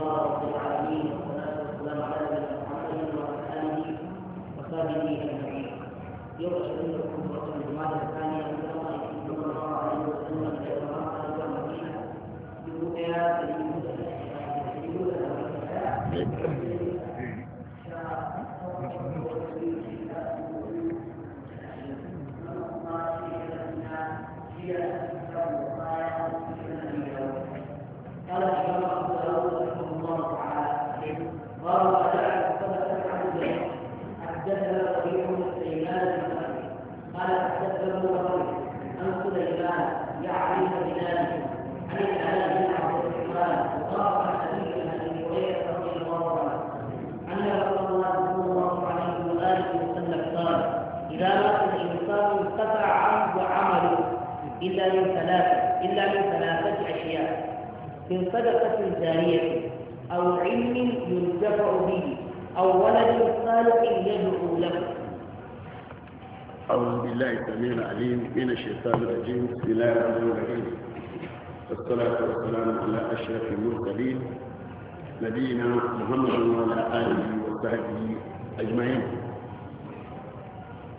الله رب العالمين والصلاة والسلام على نبينا محمد وعلى آله وصحبه أجمعين. يوم أشهد لكم رسول الجماعة الثانية صلى الله عليه وسلم إلى المرأة إلى المدينة بوقيا قال الإمام أبو قال حدثنا ربيع سليمان بن قال حدثنا سليمان بن عبد الرحمن ابي رضي الله عنه ان رسول الله صلى الله عليه واله وسلم قال اذا عمله الا من ثلاثه الا من ثلاثه اشياء من صدقه جاريه أو علم ينتفع به أو ولد صالح يدعو له أعوذ بالله السميع العليم من الشيطان الرجيم بسم الله الرحمن الرحيم والصلاة والسلام على أشرف المرسلين نبينا محمد وعلى آله وصحبه أجمعين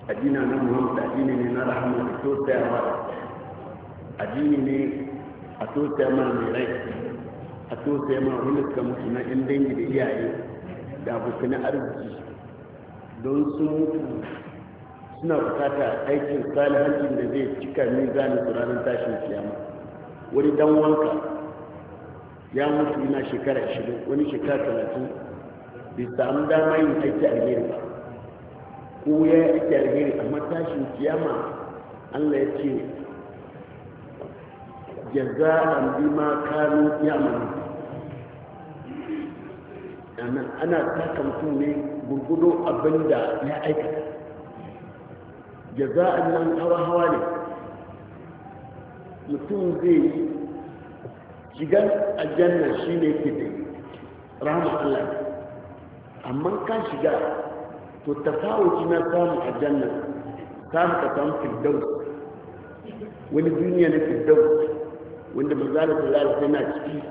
أدينا منهم تأديني من رحمة توسع أديني أتوسع من رأيك a so sai ma wani suka mutu na yan dangi da iyaye da abokan arziki don sun mutu suna bukata aikin salihancin da zai cika mizanin su ranar tashin kiyama wani dan wanka ya mutu yana shekara 20 wani shekara 30 bai samu dama yin aiki alheri ba ko ya yi aiki alheri amma tashin kiyama allah ya ce jaza'an bima kanu yamanu nan ana taka mutum ne gurgudo abin da ya aikata jaza'an nan hawa hawa ne mutum zai yi shigar aljanna shi ne ke da rahama allah amma ka shiga to tafawuci na samun aljanna samu ka samun firdaus wani duniya na firdaus wanda manzana sallallahu da na ciki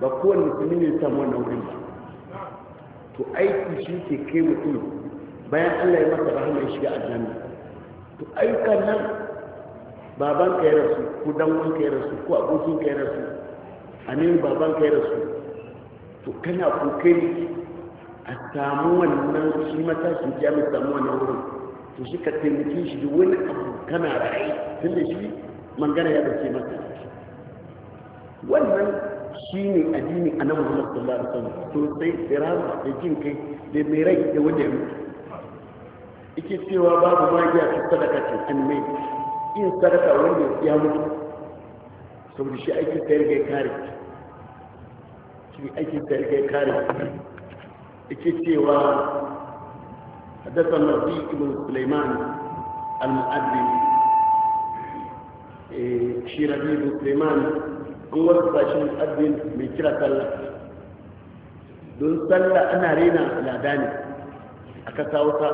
ba kowane musulmi ne samu wannan wurin ba to aiki shi ke kai mutum bayan allah ya masa bahama ya shiga aljanna to ayyukan nan baban ka ya rasu ko danwan ka ya rasu ko abokin ka ya rasu amin baban ka ya rasu to kana kokari a samu wannan shi matashin ya mai samu wannan wurin to shi ka taimake shi da wani abu kana rai tun da shi mangana ya dauke masa wannan shi ne addini a nan muhammad sallallahu alaihi wasallam to sai tsirama da jin kai da mai rai da wajen ya mutu ike cewa babu magiya ta sadaka ce an mai in sadaka wanda ya mutu saboda shi ake sayar gai kare shi ake sayar gai kare ike cewa حدثنا ربي بن سليمان المؤذن شيربي ibn سليمان in wasu sashen addin mai kira sallah don sallah ana rena lada ne a kasa wata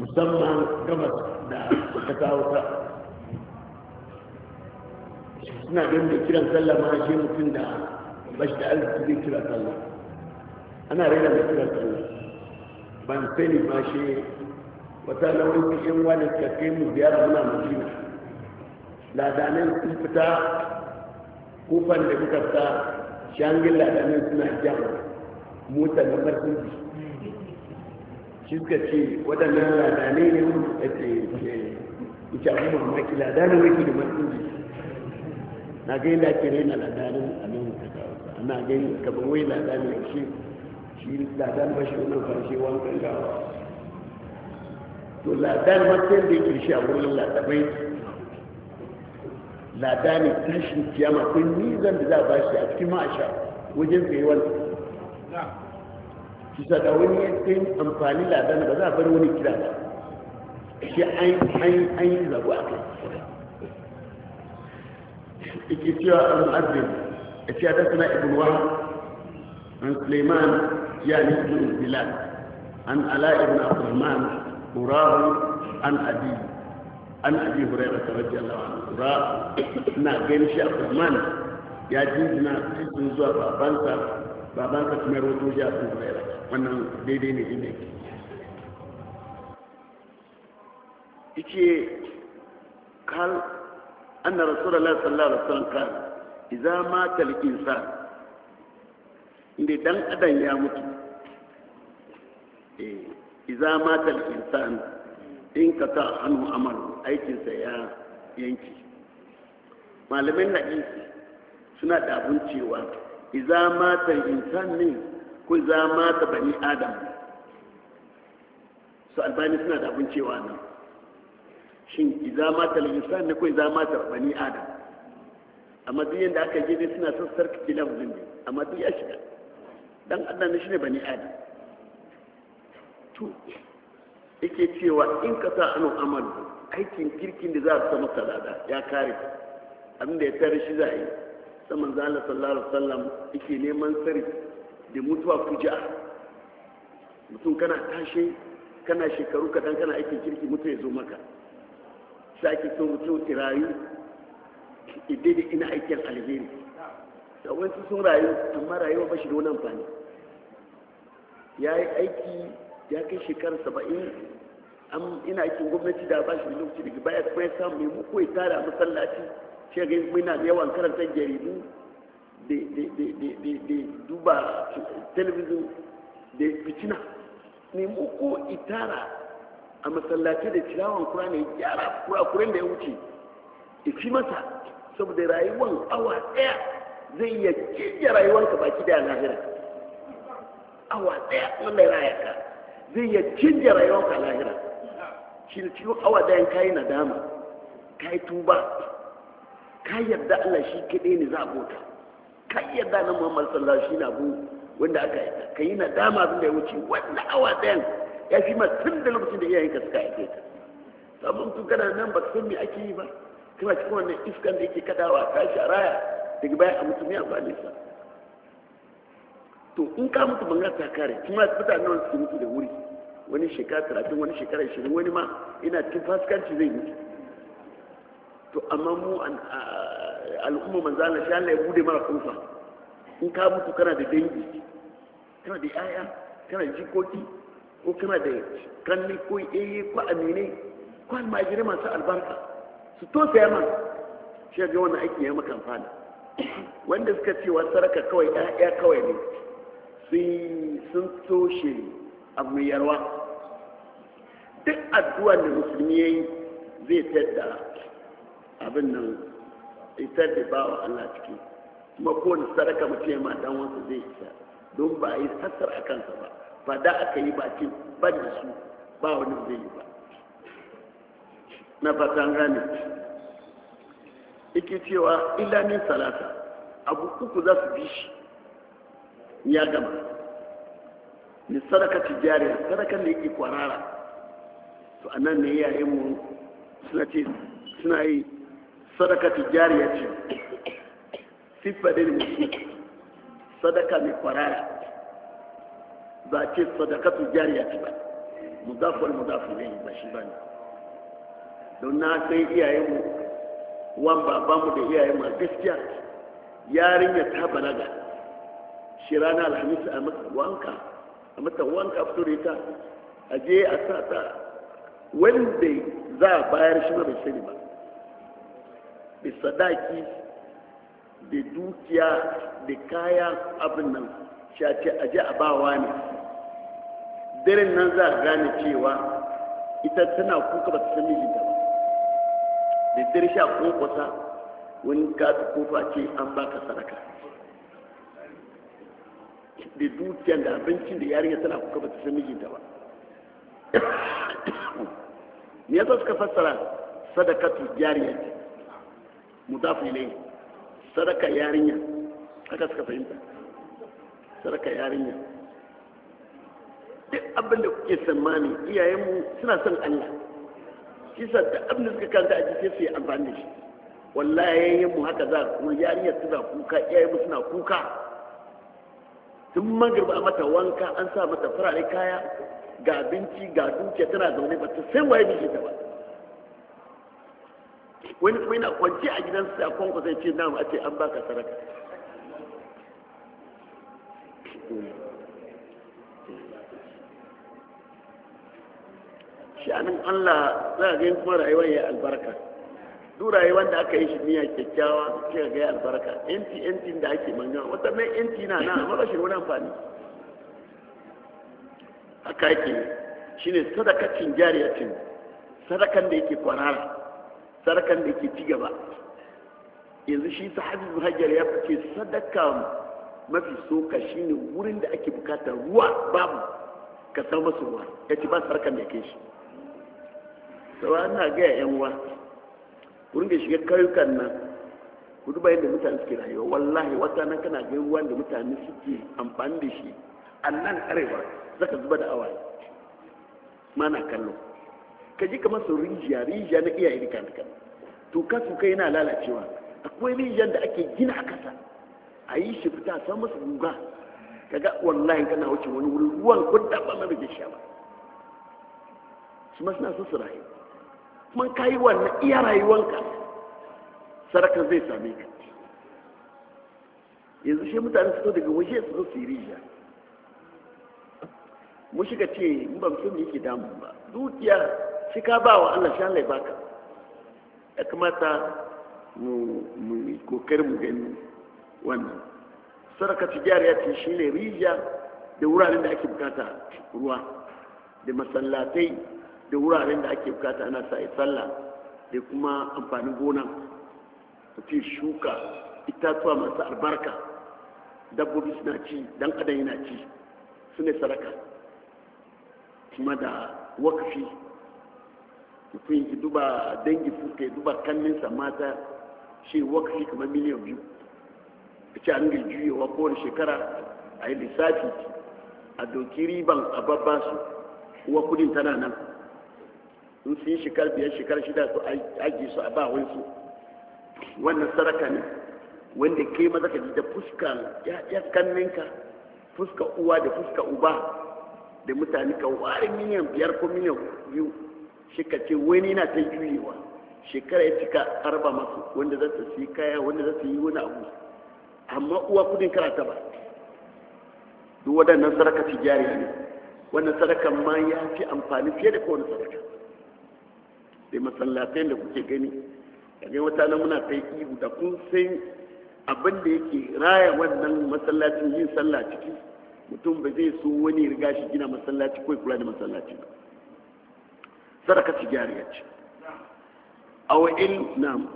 musamman gabas da kasa wata suna ganin da kiran sallah ma shi mutum da bashi da arziki zai kira sallah ana rena mai kira sallah ban sani ma shi wata lawan yan wani suka kai mu ziyara muna madina ladanin sun fita kufan da kuka sa shangin ladanin suna jan mota na farkon shi suka ce waɗannan ladanai ne wanda ce ita abu mamaki ladanin wake da farkon na gani da ke raina ladanin a nan ka kawo ana gani gaban wai ladanin shi shi ladan ba shi wannan farshe wankan gawa to ladan matsayin da yake shi a wurin ladabai ladani tashin kiyama akwai nizan da za a bashi a cikin ma'asha wajen tsayuwar shi sada wani ya kai amfani ladan ba za a bar wani kira ba shi an yi zago a kai ike cewa an mu'azzin a ce ta sana ibn wahab an suleiman ya ni ibn bilal an ala ibn abdurrahman urahu an adi an abi hurairah radiyallahu anhu ra na ganin shi Abdurrahman ya jinjina cikin zuwa babansa babansa kuma roto ya Abu Hurairah wannan daidai ne ne yake kal anna rasulullahi sallallahu alaihi wasallam kan idza mata al-insan inda dan adam ya mutu eh idza mata al-insan in ka ta hannu amalu aikinsa ya yanki malamin na'isi suna da abun cewa iza mata insan ne ko iza mata bani adam su albani suna da abun cewa nan shin iza mata insan ne ko iza mata bani adam amma duk yadda aka yi dai suna son sarkake lafazin ne amma duk ya shiga dan adam ne shine bani adam to yake cewa in ka sa anu amal aikin kirkin da za a sama salada ya kare abin da ya tare shi za a yi saman zala sallallahu alaihi wasallam yake neman tsari da mutuwa fuja mutum kana tashi kana shekaru kaɗan kana aikin kirki mutu ya zo maka sake so mutum ki rayu idai da ina aikin alheri da wasu sun rayu amma rayuwa ba shi da wani amfani ya yi aiki ya kai shekarar saba'in ina aikin gwamnati da bashi da lokaci daga baya kuma ya samu mai muku ya tara masallaci shi ga muna da yawan karanta jaridu da duba telebijin da fitina mai muku itara a masallaci da tilawan kura ne gyara kurakuren da ya wuce fi masa saboda rayuwar awa daya zai iya cije rayuwarka baki da hira awa daya wanda ya raya ka zai iya cinje ka lahira shi da ciwo awa dayan kayi nadama kayi tuba ka yarda Allah shi kaɗai ne za a bota ka yarda na Muhammad sallallahu shi na bu wanda aka yi ka yi nadama abin da ya wuce wanda awa dayan ya fi ma tun da lokacin da iyayenka suka haife ta sabon tun nan ba ka san ake yi ba kuma cikin wannan iskan da yake kadawa ta shi a raya daga baya a mutum ya amfani sa to in ka mutu ban ta kare kuma mutane nan su mutu da wuri wani shekara talatin wani shekara ishirin wani ma ina cikin fasikanci zai mutu to amma mu al'umma Allah sha Allah ya bude mara kofa in ka mutu kana da dangi kana da yaya kana da jikoki ko kana da kanni ko yayi ko amine ko almajiri masu albarka su to sai ma shi ga wannan aiki ya maka amfani wanda suka ce wa saraka kawai ya kawai ne sun toshe abu mai yarwa duk addu'ar da musulmi ya yi zai tadda abin nan isar da bawa Allah ciki kuma kowane sadaka mutum ya ma wansa zai isa don ba a yi sassar a kansa ba ba da aka yi ba ce ban da su ba wani zai yi ba na fatan gane ike cewa ilamin salata abu uku za su bi shi ya gama ni sadaka tijariya sadakan da yake kwarara to a nan ne yayin mu suna ce suna yi sadaka tijariya ce Sifa da ne sadaka mai kwarara ba ce sadaka tijariya ce ba mudafar mudafar ne ba shi ba ne don na sai iyayen mu wan babanmu da iyayen mu gaskiya yarinya ta balaga shi rana alhamis a mata wanka a mata wanka fito da ita a je a sa ta wanda za a bayar shi ma bai sani ba da sadaki da dukiya da kaya abin nan shi a ce a je a ba wa ne daren nan za a gane cewa ita tana kuka ba ta san mijinta ba da dare sha kokosa wani kasu kofa ce an baka sadaka da dukiyar da abincin da yarinya tana kuka ba ta san mijinta ba me yasa suka fassara sadakatu jariya mudafi ne sadaka yarinya haka suka fahimta sadaka yarinya duk abin da kuke tsammani iyayenmu suna son Allah shi sa da abin da suka kanta a jike su yi amfani da shi wallahi mu haka za kuma yarinya suna kuka iyayenmu suna kuka tun magarba mata wanka an sa mata farare kaya ga abinci ga dukiya tana zaune ba ta san waye miji ta ba wani kuma yana kwanci a gidansu a kwanko sai ce na ce an baka saraka shi anan allah za a ga kuma rayuwar ya albarka duraye wanda aka yi shi miya kyakkyawa kika ga albarka yanci yanci da ake manya wata mai yanci na na amma shi wani amfani haka yake shine sadakacin jariyacin sadakan da yake kwarara sadakan da yake ci gaba yanzu shi ta sahabi hajjar ya fice sadaka mafi soka shine wurin da ake bukata ruwa babu ka san masu ruwa ya ci ba sadakan da ke shi sau na gaya yan uwa kun da shiga kayukan nan kudu bayan da mutane suke rayuwa wallahi wata nan kana ga ruwa da mutane suke amfani da shi a nan arewa zaka zuba da awa mana kallo ka ji kamar sun rijiya rijiya na iyaye da kan tuka tuka yana lalacewa akwai rijiyar da ake gina a kasa a yi shi fita san masa guga kaga wallahi kana wuce wani wurin ruwan ko dabba mai bai sha ba su ma suna su rayu man ka yi wannan iya rayuwanka sadaka zai same ka yanzu shi mutane su daga waje su zo su yi rijiya mu shiga ce in ba mutum yake damu ba dukiya shi ka ba wa Allah shan Allah ya baka ya kamata mu mu kokarin mu gani wannan sadaka tijariya ce shi ne rijiya da wuraren da ake bukata ruwa da masallatai da wuraren da ake bukata ana sa a sallah da kuma amfanin gona ce shuka itatuwa masu albarka dabbobi suna ci dan adam yana ci su ne saraka kuma da wakafi mutum yi duba dangi fuka duba kanninsa mata shi wakafi kamar miliyan biyu a ce an juyewa kowane shekara a yi lissafi a doki riban a babba su wa kudin tana nan in su yi shekar biyar shekar shida su aji su a ba wani su wannan saraka ne wanda kai maza ka ji da fuska ya kanninka fuska uwa da fuska uba da mutane ka ware miliyan biyar ko miliyan biyu shi ka ce wani na ta juyewa shekara ya cika arba masu wanda za su yi kaya wanda za su yi wani abu amma uwa kudin karata ba duk waɗannan saraka jari ne wannan sarakan ma ya fi amfani fiye da kowane saraka sai masallatai da kuke gani kaga wata nan muna kai ihu da kun sai abin da yake raya wannan masallacin yin sallah ciki mutum ba zai so wani riga shi gina masallaci ko kula da masallaci ba sadaka ci gyariya ce awa il nam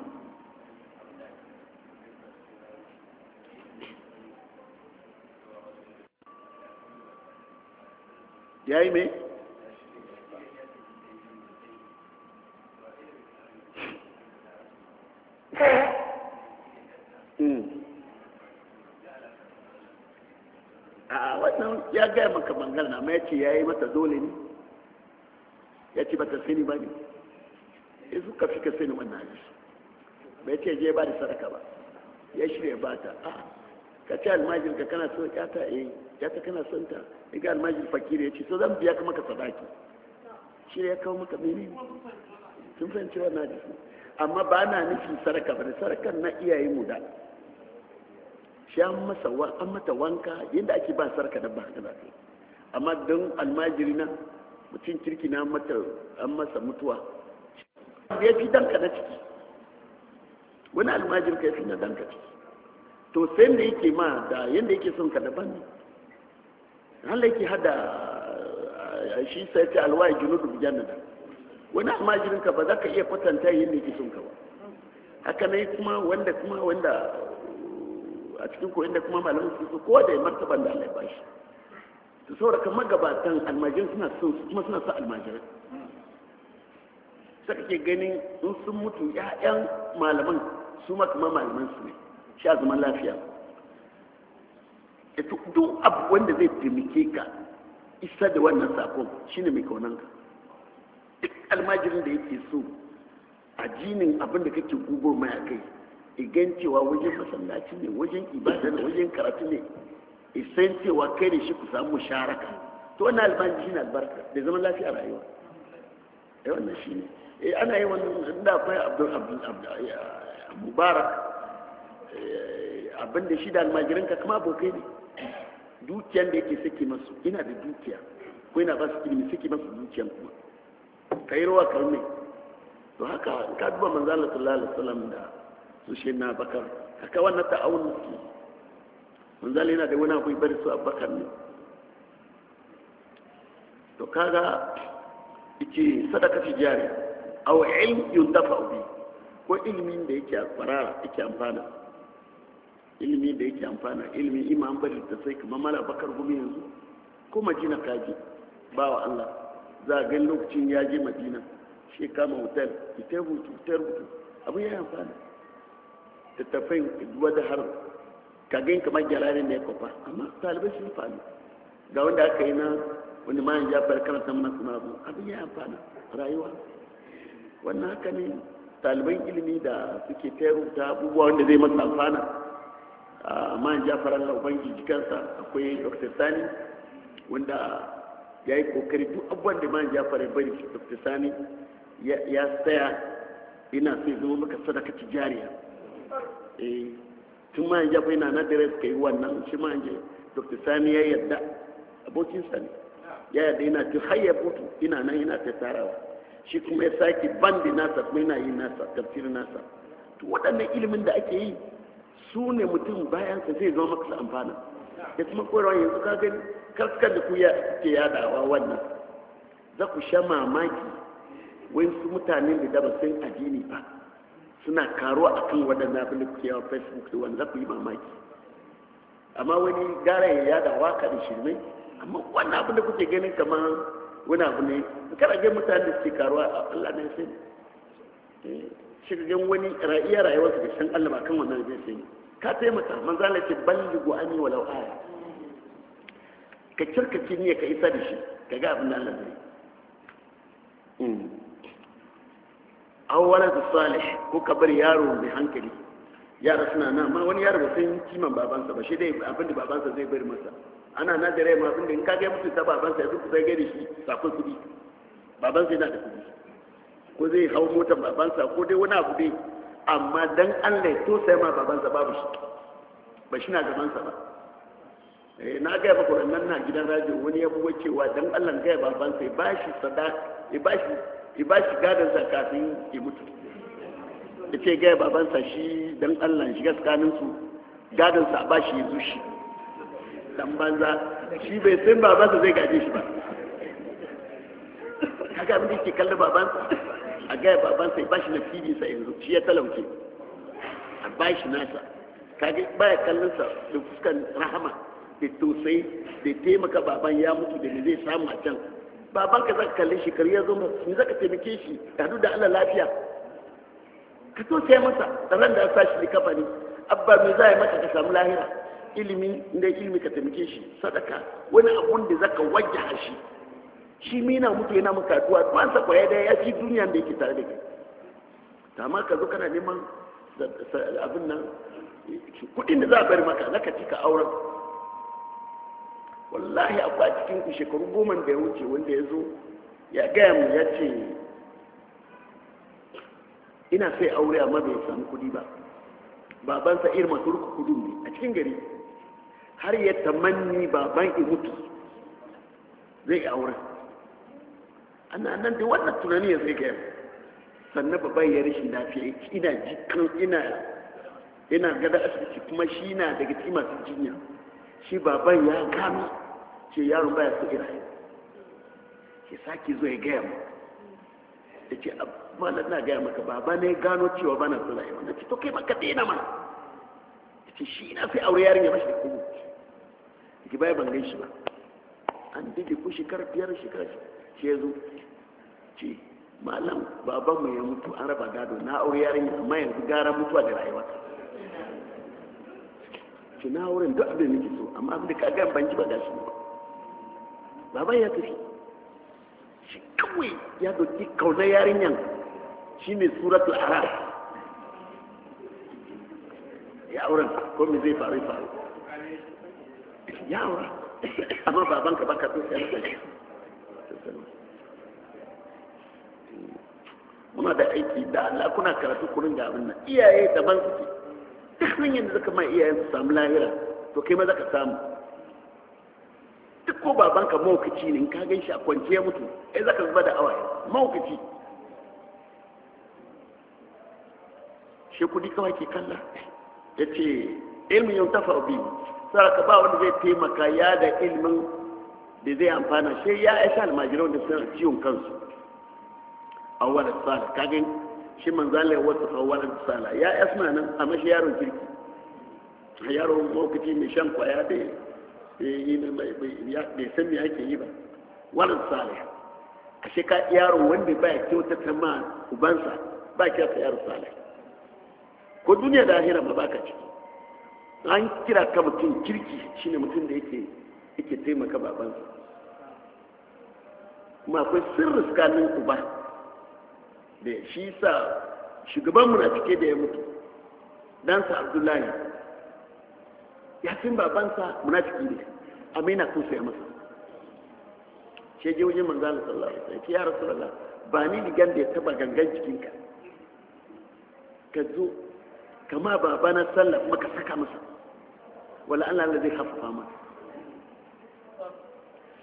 yayi mai Hmm. a wannan ya gaya maka bangal na ma ya ce ya yi mata dole ne ya ce bata sani ba ne in suka fi ka sani wannan hadisi bai ce je ba da sadaka ba ya shirya ba ta ka ce almajir ka kana so ya ta eh ya ta kana son ta ya ga almajir fakiri ya ce so zan biya ka maka sadaki shirya kawo maka mene sun fahimci wannan hadisi amma ba na nufin sarka ba sarkan na iyaye mu da shi an masa an mata wanka yadda ake ba sarka da ba haka da amma don almajiri na mutum kirki na mata an masa mutuwa ya fi danka na ciki wani almajiri ka fi na danka ciki to sai da yake ma da yadda yake son ka daban ne hala yake hada shi sai ta alwaye junudu bijan da wani almajirinka ba za ka iya kwatanta yin da ke son ka ba haka ne kuma wanda kuma wanda a cikin koyon da kuma malamin su su kowa da ya martaban da Allah ba shi to saboda kamar gabatan almajirin suna son su kuma suna son almajirin saka ke ganin in sun mutu ya'yan malaman su ma kamar malaman su ne sha zaman lafiya duk abu wanda zai taimake ka isa da wannan sakon shine mai kaunanka almajirin da yake so a abin da kake gugo mai a kai igan cewa wajen masallaci ne wajen ibada ne wajen karatu ne isan cewa kai da shi ku samu sharaka to wannan albanji shi ne albarka da zaman lafiya rayuwa ai eh, wannan shi ne eh ana yi wannan da akwai abdul eh, mubarak eh, abin da shi da almajirin ka kuma abokai ne dukiyan da yake saki masu ina da dukiya ko ina ba su ilimi saki masu dukiyan kuma ka yi rawa to haka ka duba manzala sallallahu alaihi wasallam da su shi na bakar haka wannan ta'awun suke manzala yana da wani abu bari su abakar ne to kaga yake sadaka fi jari aw ilm yuntafa bi ko ilimin da yake farara yake amfana ilimi da yake amfana ilimi imam bari ta sai kamar mala bakar gumi yanzu ko majina kaji bawa Allah zagen lokacin ya je madina shi kama hotel ita rutu ita rutu abu ya amfani tafai duwa da har kagin kamar gyararren ne kwafa amma talibai sun fani ga wanda aka yi na wani mayan fara karanta mana kuma abu abin ya amfani rayuwa wannan haka ne taliban ilimi da suke ta abubuwa wanda zai masa amfana a ah, mayan jafar allah ubangiji kansa akwai dr sani wanda ya yi kokari duk abubuwan da man ya fara bari dr sani ya tsaya ina sai zama maka sadaka tijariya eh tun ma ya bai na na dare suka yi wannan shi ma ya dr sani ya yadda abokin sani ya yadda ina tun hayar ya ina nan ina ta tarawa shi kuma ya sake bandi nasa kuma ina yi nasa tafsirin nasa to waɗannan ilimin da ake yi su ne mutum bayansa zai zama maka amfana ya kuma koyarwa yanzu ka gani kaskar da ku ke yadawa wannan za ku sha mamaki su mutane da daba sun addini ba suna karo a kan waɗanda abin da kuke yawa facebook da wani za ku yi mamaki amma wani gara ya yada waka da shirme amma wannan abin da kuke ganin kamar wani abu ne kada ga mutane da suke karuwa a allah ne sai eh, shirgin wani iya rayuwarsa da shan allah ba kan wannan zai sai ka taimaka manzala ce yi gu'ani walau aya ka cirkace niyya ka isa da shi ka ga abin da Allah zai hmm. an wala da salih ko ka bar yaro mai hankali yara suna na ma wani yaro ba sun kiman babansa ba shi dai abin da babansa zai bari masa ana na da rai ma abin da in ka ga mutum ta babansa ya zage da shi sakon kudi babansa yana da kudi ko zai hau motar babansa ko dai wani abu dai amma dan Allah ya tosa ma babansa babu shi ba shi na gabansa ba Eh, na gaya ba nan na gidan radio wani ya buwa cewa dan allah gaya baban sai ba shi sadaka ya ba shi ya ba shi gadon sa kafin ya mutu ya ce gaya baban sa shi dan allah shi tsakanin su gadon sa ba shi ya zushi dan banza shi bai san baban sa zai gaje shi ba kaga abin da yake kallon baban sa a gaya baban sa ya ba shi na fili sa yanzu shi ya talauke a ba shi nasa kaga baya kallon sa da fuskan rahama da sai da taimaka baban ya mutu da ne zai samu a can baban ka zaka kalli shi kariya zo mai zaka taimake shi ka hadu da Allah lafiya ka tosaya masa ran da sa shi kafa ne abba me zai maka ka samu lahira ilimi inda ilimi ka taimake shi sadaka wani abun da zaka wajja shi shi na mutu yana maka Kwan sa kwaya da ya ci duniya da yake tare da kai amma ka zo kana neman abin nan kudin da za a bari maka zaka cika auren wallahi akwai a cikin ku shekaru goma da ya wuce wanda ya zo ya gaya mu ya ce ina sai aure amma bai samu kudi ba babansa irin masu ruku kudu ne a cikin gari har ya tamanni baban i mutu zai aure ana nan da wannan tunani ya zai gaya sannan baban ya rashin lafiya ina jikin ina ina gada asibiti kuma shi na daga cikin masu jinya shi baban ya kama ce yaro baya kujira ya sake zo ya gaya mu da ce malar na gaya maka ba ba ne gano cewa ba na suna yi wannan ce to kai maka daina mana ya ce shi na sai aure yarin ya mashi da kuma ya baya ban shi ba an dade ku shekara biyar shekara shi ya zo ce malam baban mu ya mutu an raba gado na aure yarin amma yanzu gara mutuwa da rayuwa ce na wurin duk abin da nake so amma abin da ka gan ban ji ba gashi ba baba ya tafi shi kawai ya doki kauna yarinyan shi ne suratul araf ya auren ko me zai faru faru ya aura amma baban ka baka so sai muna da aiki da Allah kuna karatu kurin da abin nan iyaye daban suke duk hanyar da zaka ma iyayen su samu lahira to kai ma zaka samu ko babanka maukaci ne ka gan shi a kwanci ya mutu ai zaka zuba da awaye maukaci shi kudi kawai ke kalla ya ce ilmin yau tafa bi saraka ba wanda zai taimaka ya da ilmin da zai amfana shi ya ya sha almajirai wanda suna ciwon kansu a wadda tsala kagin shi manzala ya wata fa wadda tsala ya ya suna nan a mashi yaron kirki yaron maukaci mai shan kwaya da bai san me ake yi ba walin salih ashe ka yaro wanda ba ya kyauta ta ma ubansa ba kira ta yaro salih ko duniya da ahira ma baka ciki an kira ka mutum kirki shine mutum da yake yake taimaka babansa kuma akwai sirri tsakanin uba da shi sa shugabanmu na cike da ya mutu dansa abdullahi ya babansa munafiki ne amma yana kusa ya masa shi je wajen manzan Allah sallallahu alaihi wasallam ya rasulullah ba ni digan da ya taba gangan jikinka ka zo kama babana sallah kuma ka saka masa wala Allah Allah zai hafafa masa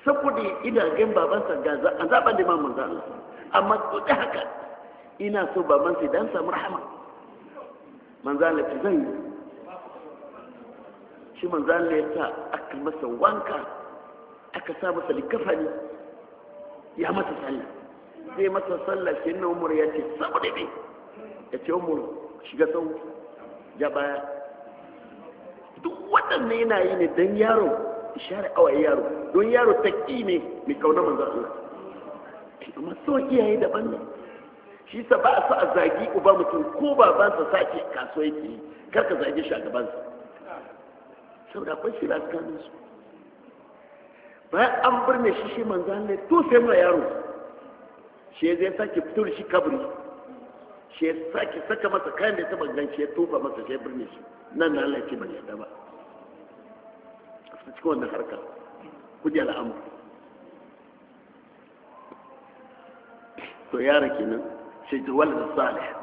saboda gan babansa ga azaban da ma manzo Allah amma duk haka ina so babansa dan samu rahama manzo Allah zan yi shi man zan ya sa aka masa wanka aka sa masa likafani ya masa sallah zai masa sallah shi na umar ya ce saboda ne ya ce umar shiga sau ya baya duk waɗannan yana yi ne don yaro ishari awa yaro don yaro ta ne mai kauna manzan Allah amma so iyaye daban ne shi sa ba a sa a zagi uba mutum ko ba sa sake kasuwa yake yi kar ka zage shi a gabansa saboda akwai shi da tsakanin su bayan an birne shi shi manzan ne to sai mura yaro shi zai sake fito da shi kabri shi sake saka masa kayan da ya taba shi ya tofa masa shi birne shi nan na Allah ce ban yadda ba a cikin wannan ku ji al'amur to yara kenan shi ta walda salih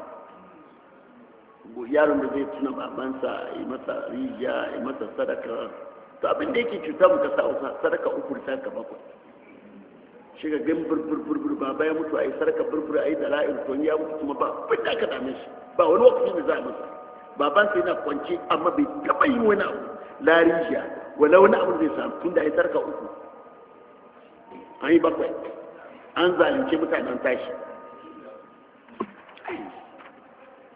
yaron da zai tuna babansa ya masa rijiya ya masa sadaka to abin da yake cuta mu ka sa sadaka uku ta ka bakwai shi ga gan burburbur baba ya mutu a yi sadaka burbur a yi da la'ir to ya mutu kuma ba abin da aka dame shi ba wani lokaci ne za a masa babansa yana kwance amma bai taba yi wani abu la rijiya wala wani abu zai samu tun da ya yi sadaka uku an yi bakwai an zalunce mutanen tashi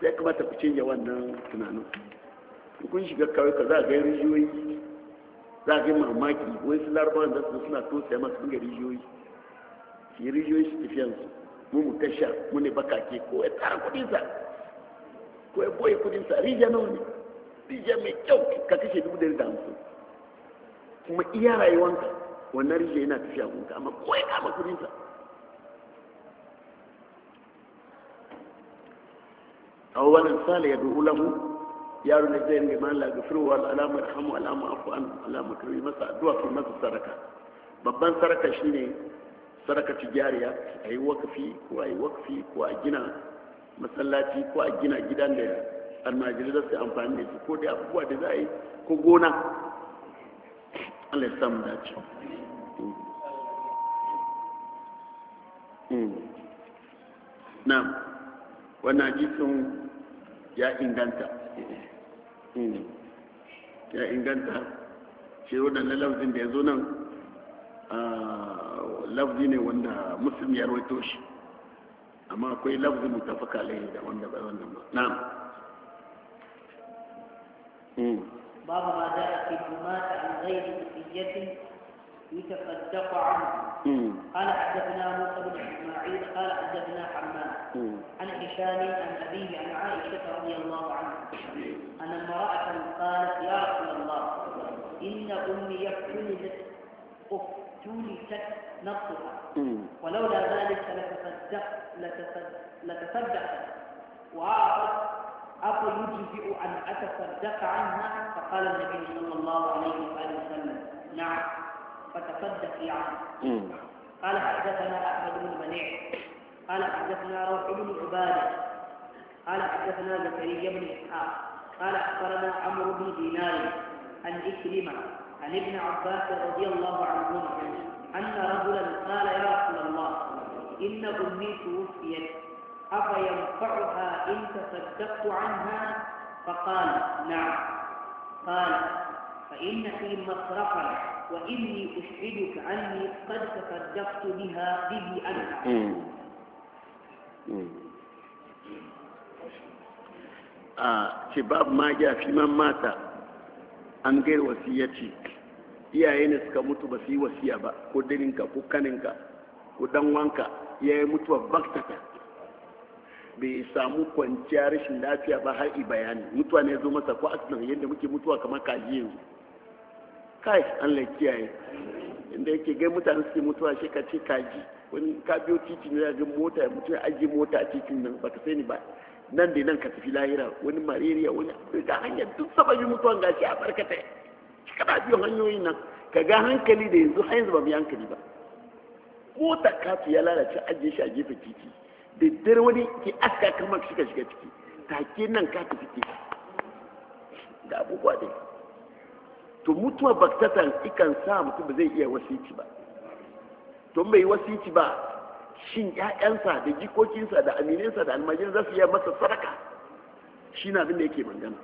ya kamata ku canja wannan tunanin kun shiga kawai ka za a ga rijiyoyi za a ga mamaki wani su larabawan da su suna to sai masu dinga rijiyoyi su yi rijiyoyi su tafiya su mu mu tasha mu ne bakake ko ya tara kudin sa ko ya boye kudin sa rijiya nawa ne rijiya mai kyau ka kashe dubu da hamsin kuma iya rayuwanka wannan rijiya yana tafiya gunka amma ko ya kama kudin sa aw wannan sala ya du'u yaro ne zai nemi Allah gafiru wa alama saraka babban saraka shine saraka tijariya a yi wakafi ko a yi wakafi ko a gina masallaci ko a gina gidan da almajirai za amfani da su ko da abubuwa da za a yi ko gona Allah ya samu dace na wannan jisun ya inganta hmm. ya inganta shi waɗannan lafzin da ya zo nan ah, lafzi ne wanda muslim ya rawaito shi amma akwai lafzi mutafaka alaihi da wanda bai wannan ba na'am hmm. babu ma da ake jima'a an zai da يتصدق عنه قال حدثنا موسى بن اسماعيل قال حدثنا حماد عن هشام عن ابيه عن عائشه رضي الله عنها ان امراه قالت يا رسول الله ان امي افتلست افتلست نفسها ولولا ذلك لتصدقت لتصدقت واعطت أقول يجزئ أن أتصدق عنها فقال النبي صلى الله عليه وآله وسلم نعم فتصدق يعني قال حدثنا أحمد بن منيع قال حدثنا روح بن عبادة قال حدثنا زكريا بن إسحاق قال أخبرنا عمرو بن دينار عن إكرمة عن ابن عباس رضي الله عنهما أن رجلا قال يا رسول الله إن أمي توفيت أفينفعها إن تصدقت عنها فقال نعم قال فإن في مصرفا وإني أشهدك أني قد تصدقت بها به أنا a ce babu ma ja fi man mata an gair wasiya ce iyaye ne suka mutu ba su yi wasiya ba ko dininka ko kaninka ko dan wanka ya yi mutuwa baktata bai samu kwanciyar rashin lafiya ba har i bayani mutuwa ne zo masa ko asinan yadda muke mutuwa kamar kaji yanzu kai Allah kiyaye inda yake gai mutane suke mutuwa shi ka ce kaji wani ka biyo titi ne ga mota ya mutu aje mota a titin nan baka sani ba nan da nan ka tafi lahira wani malaria wani ga hanya duk sababi mutuwan gashi a barkatai kana biyo hanyoyin nan ka ga hankali da yanzu har yanzu ba mu hankali ba mota k'a fi ya lalace ajiye shi a gefe titi da dare wani ke aska kamar shiga shiga ciki take nan ka tafi titi da abubuwa dai to mutuwa baktatan ikan sa mutum ba zai iya wasiki ba to bai wasiki ba shin ƴaƴansa da jikokinsa da aminansa da almajirin za su iya masa sadaka shi na abin da yake magana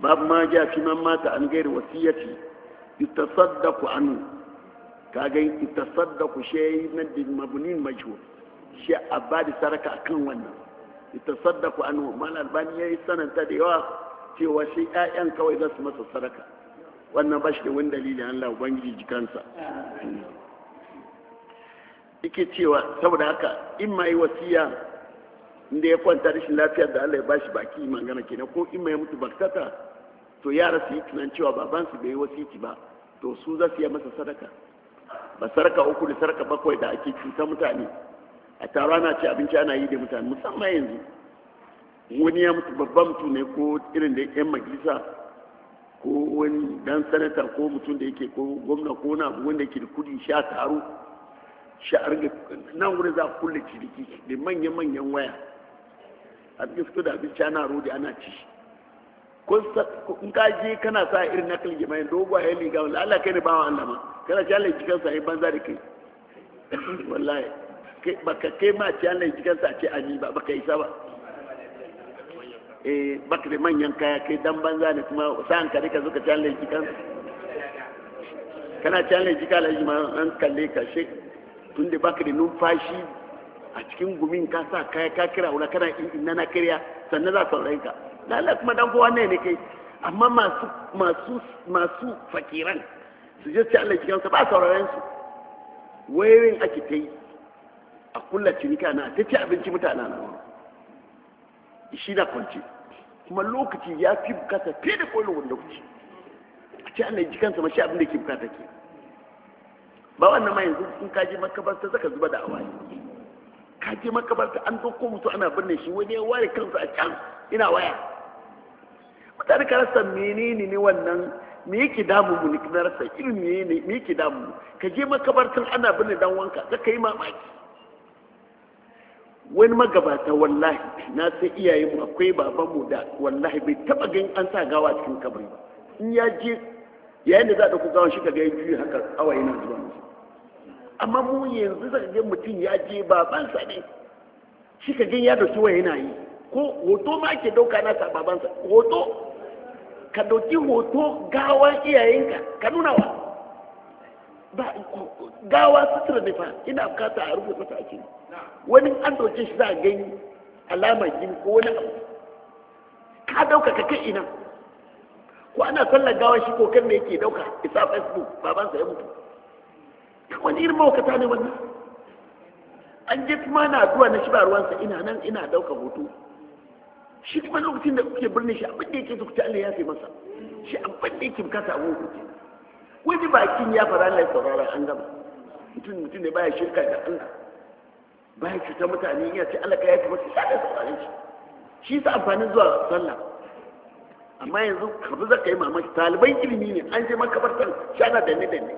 babu ma ja fi man mata an gairi wasiyati yutasaddaqu anhu kaga itasaddaku shay na mabnin majhul shi a ba da saraka a kan wannan ita saddaku an mana albani ya yi sananta da yawa cewa shi 'ya'yan kawai za su masa sadaka. wannan ba shi da wani dalili Allah ubangiji jikansa yake cewa saboda haka in ma yi wasiya inda ya kwanta rashin lafiyar da Allah ya bashi baki magana kenan ko in ma ya mutu baktata to yara su yi tunan cewa babansu bai yi wasiki ba to su za su yi masa sadaka ba sarka uku da sarka bakwai da ake cuta mutane a taro ana ci abinci ana yi da mutane musamman yanzu wani ya mutu babban mutu ne ko irin da yan majalisa ko wani dan sanata ko mutum da yake ko gwamna ko na wanda ke da kudi sha taro sha arga nan wurin za a kulle ciniki da manya-manyan waya a cikin fito da abinci ana rodi ana ci in ka je kana sa irin na kalli mai dogo yi liga wanda Allah kai ne ba wa Allah kana ci Allah jikan sa banza da kai wallahi baka kai ma ci Allah jikan sa ce ni ba baka isa ba eh manyan kaya kai dan banza ne kuma sa'an ka ka zuka ka canle jikan kana canle jika alhaji ma an kalle ka she tun da baka da numfashi a cikin gumin ka sa kaya ka kira wala kana inna na kiriya sannan za su ka na Allah kuma dan kowa ne ne kai amma masu masu masu fakiran su je ci Allah jikan ba sauraren su wayoyin ake ta yi a kullace ni na ta ci abinci mutanen shi na kwanci kuma lokaci ya fi bukata fiye da kowane wani lokaci a ce ana ji kansa mashi abin da ke bukata ke ba wannan ma yanzu in ka je makabarta zaka zuba da awaye ka je makabarta an dauko mutu ana binne shi wani ya ware kansa a can ina waya mutane ka rasa menene ne wannan me yake damu mu ne na rasa irin menene me yake damu ka je makabartan ana binne dan wanka zaka yi mamaki wani magabata wallahi na sai mu akwai babanmu da wallahi bai taba gan an sa gawa cikin kabari ba in ya je yayin da za ta gawan shi kaga ya juyi haka awaye na zuwa musu amma mu yanzu zaka ga mutum ya je babansa ne shi ka gan ya da suwa yana yi ko hoto ma ake dauka na sa babansa hoto ka dauki hoto gawan iyayenka ka nuna wa ba gawa sutura ne fa ina bukata a rufe masa ake wani an dauke shi za a gani alamar gini ko wani abu ka dauka ka kai ina ko ana sallar gawa shi ko kan da yake dauka isa facebook babansa ya mutu wani irin mawakata ne wannan an je kuma na zuwa na shiba ruwansa ina nan ina dauka hoto shi kuma lokacin da kuke birni shi abin da yake zukuta Allah ya fi masa shi abin da yake bukata a wurin wani bakin ya fara Allah sauraron an gama mutum mutum ne baya shirka da Allah baya cuta mutane ya ce Allah ka yafi masu sai da sauraron shi shi sa amfanin zuwa sallah amma yanzu kabu zaka yi mamaki taliban ilimi ne an je makabartan shana danne danne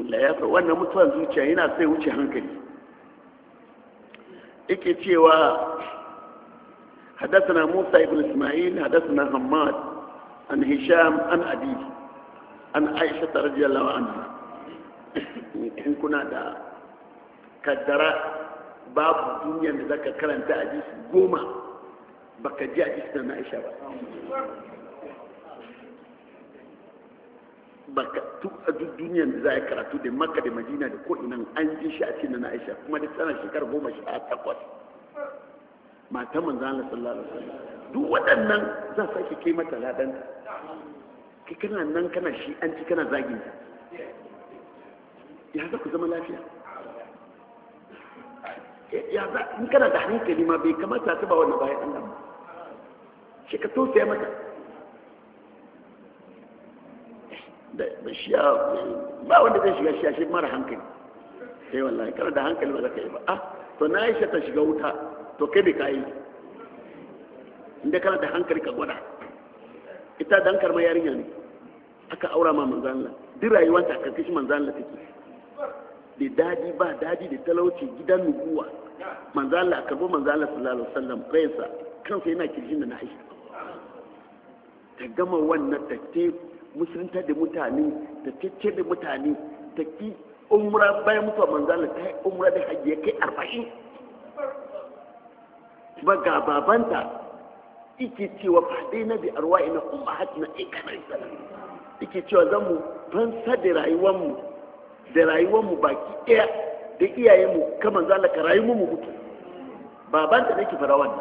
Allah ya wannan mutuwar zuciya yana sai wuce hankali yake cewa حدثنا موسى بن إسماعيل حدثنا حماد عن هشام عن أبيه عن عائشة رضي الله عنها إن كنا دا كدرا باب الدنيا ذاك كلام تأجيس قومة بك جاء جسنا عائشة baka duk a duk duniyan da za a karatu da makka da madina da ko ina an ji shi a cikin na aisha kuma da tsanan shekar goma sha takwas matan manzan Allah sallallahu alaihi wasallam duk waɗannan za su ake kai mata ladan kai kana nan kana shi an ci kana zagi ya za ku zama lafiya ya za in kana da hankali ma bai kamata ta ba wani bayan Allah ba shi ka tausaya mata da shiya ba wanda zai shiga shi shiya shi mara hankali sai wallahi kana da hankali ba za ka yi ba ah to na yi aisha ta shiga wuta to kai bai kayi inda kana da hankali ka gwada ita dan karma yarinya ne aka aura ma manzo Allah duk rayuwanta ka karkashin manzo Allah take da daji ba daji da talauci gidan nuguwa manzo Allah karbo manzo Allah sallallahu alaihi wasallam kan kansa yana kishin da na Aisha ta gama wannan ta ce musulunta da mutane ta cece da mutane ta ki umra bayan mutuwa manzo Allah ta yi umra da hajji kai arba'in. ba ga babanta ike cewa faɗi na bi arwa ina kuma hatina ikarai sana ike cewa zan mu fansa da rayuwanmu da rayuwanmu baki ɗaya da iyayenmu kamar zala ka rayu mu mutu babanta da ke fara wannan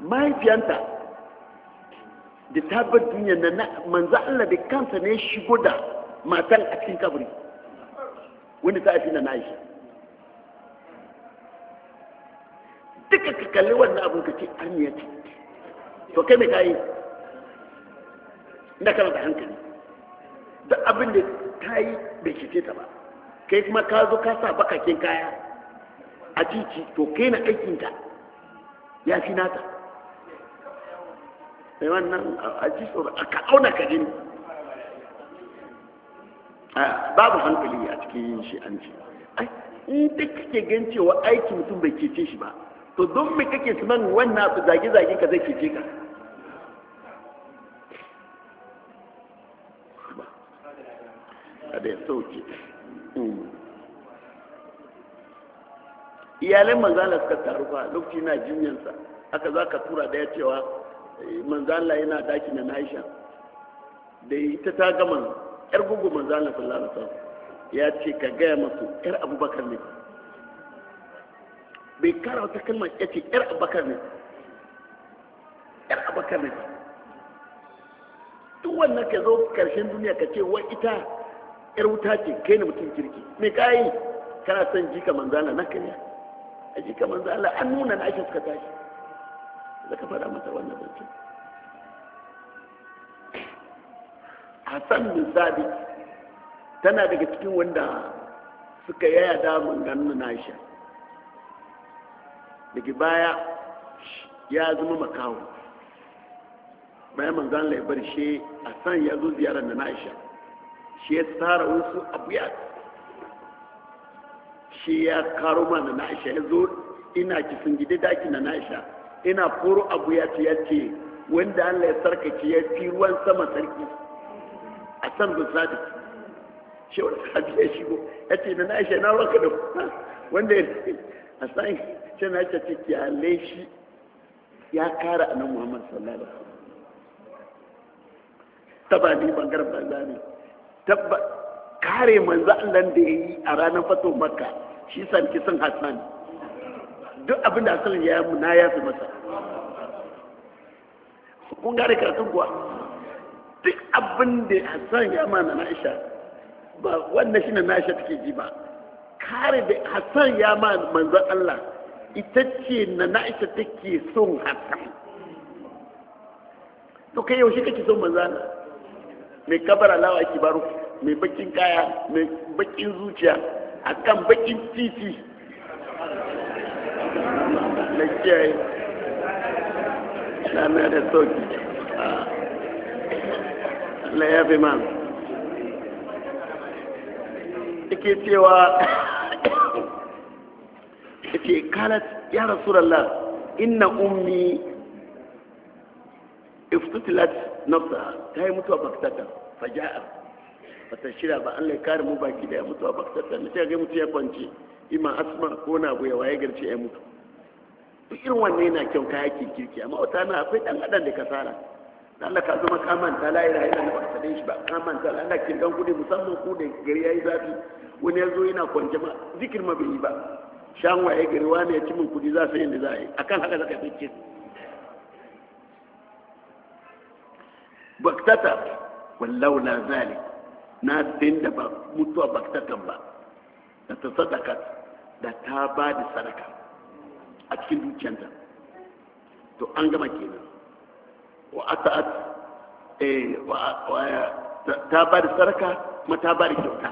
mahaifiyanta da tabbar duniya na manza Allah da kansa ne shigo da matan a cikin kabri wanda ta afi na Aisha duka ka kalli wannan abin ka ce an yi ce to kai mai kayi na kana da hankali da abin da ta yi bai cece ta ba kai kuma ka zo ka sa bakakin kaya a titi to kai na aikinta ya fi nata mai wannan a ji tsoro a ka auna ka gini babu hankali a cikin yin shi an ce in duk kake gan cewa aikin mutum bai cece shi ba to don mai kake tunan wannan su zage zage ka zai keke ka hmm. iyalin manzala suka taru ba lokaci na jinyansa aka za ka tura daya cewa eh, manzala yana daki na naisha da ita ta gama yar gugu manzala sallallahu alaihi ya ce ka gaya masu yar abubakar ne bai kara wata kalma ya ce yar abakar ne yar abakar ne duk wannan ka zo karshen duniya ka ce wai ita yar wuta ce kai na mutum kirki me ka yi kana son jika manzala na kariya a jika manzala an nuna na aisha suka tashi zaka fara mata wannan zancen hassan bin sabi tana daga cikin wanda suka yaya damun ganin na aisha daga baya ya zama makawo bayan manzan laibar shi a san ya zo ziyarar na na'isha shi ya tsara wasu abu ya shi ya karo ma na na'isha ya zo ina kisan gida daki na na'isha ina koro abu ya ce ya ce wanda an ya sarkaci ya fi ruwan sama sarki a san da sadi shi wani sahabi ya shigo ya ce na na'isha na ruwanka da wanda ya a san can ta ce halle shi ya kara a nan muhammad sallallahu alaihi wasallam taba ne bangar banza ne tabba kare manzo Allah da yayi a ranar fato makka shi san kisan hasan duk abin da asalin ya mu na ya fi masa kun gare karatun kuwa duk abin da hasan ya ma na aisha ba wannan shine na aisha take ji ba kare da hasan ya ma manzon Allah ita ce na na'isha take son haka to kai yaushe kake son manzana mai kabara lawa kibaru mai bakin kaya mai bakin zuciya a kan bakin titi na kiyaye na da soki la yafe man ike cewa ce kalat ya rasulallah inna ummi iftutilat nafsa ta yi mutuwa baktata faja'a ta shirya ba an laikari mu baki da ya mutuwa bakitata na ce ga mutu ya kwance ima asma ko na buya waye garci ya mutu duk irin wanne yana kyau ka ke kirki amma wata na akwai dan adam da kasara da Allah ka zama ka manta la ilaha na Allah ba shi ba ka manta Allah kirgan kudi musamman ku da gari yayi zafi wani ya zo yana kwance ma zikir ma bai yi ba shan waye gari ne ya ci min kudi za su yi da za a yi a kan haka zaka fi baktata wallau na zali na din da ba mutuwa baktatan ba da ta sadaka da ta ba da sadaka a cikin dukiyanta to an gama kenan wa eh, a ta ba da sadaka kuma ta ba da kyauta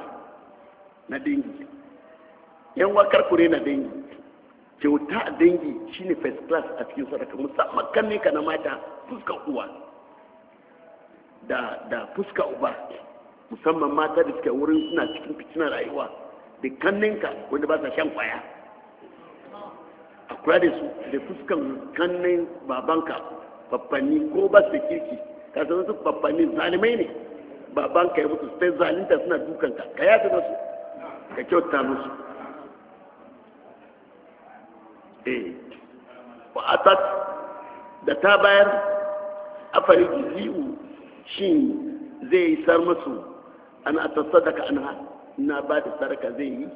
na dingi yan wakar kure na dangi kyauta a dangi shine first class a cikin sadaka musamman kan ne ka na mata fuska uwa da da fuska uba musamman mata da suke wurin suna cikin fitina rayuwa da ka wanda ba sa shan kwaya a kula da su da fuskan kannin babanka babbanni ko ba su kirki ka san su babbanni zalimai ne babanka ya mutu sai zalinta suna dukanka ka yata da su ka kyauta musu eh fa'atat da ta bayar a afali ziwu shi zai yi sar masu ana a daga ana na ba da sarka zai yi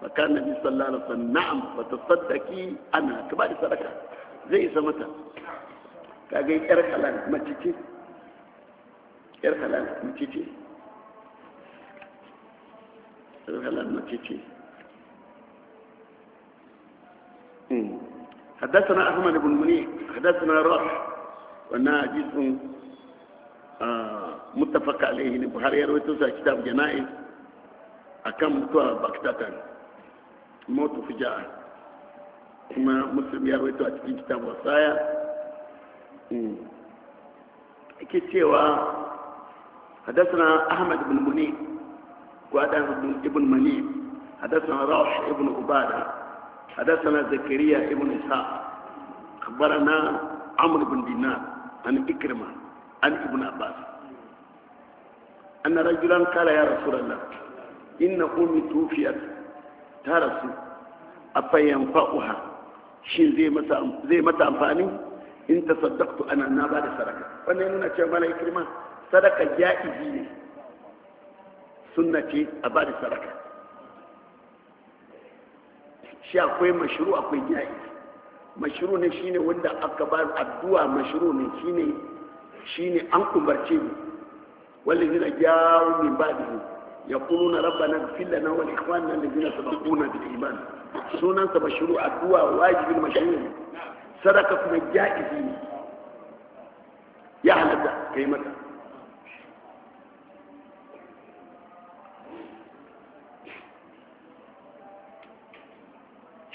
fakar nabi sallallahu alaihi wasallam na'am fa tasaddaki ana ka ba da sarka zai isa mata kaga yar halal mace yar halal macice yar halal macice حدثنا أحمد بن منيع حدثنا راح وانا حديث متفق عليه البخاري يروي توسع كتاب جنائز أكم متوى بكتة موت فجاءة كما مسلم يروي توسع كتاب وصايا كتوى حدثنا أحمد بن منيع وهذا ابن منيع حدثنا راح ابن عباده حدثنا زكريا ابن إسحاق أخبرنا عمر بن دينار عن إكرمة عن ابن عباس أن رجلا قال يا رسول الله إن أمي توفيت ترسل أفينفعها شين زي متى أنفعني إن تصدقت أنا ana na ba da sadaka wannan إكرمة cewa جائزية سنة sadaka ja'izi shi akwai mashru akwai jaiz mashru ne shine wanda aka ba addu'a mashru ne shine shine an umarce mu wallazina ja'u min ba'dihim yaquluna rabbana ighfir lana wa li ikhwanina allazina sabaquna bil iman sunan sa mashru addu'a wajibin mashru sadaka kuma jaiz ne ya halatta kai mata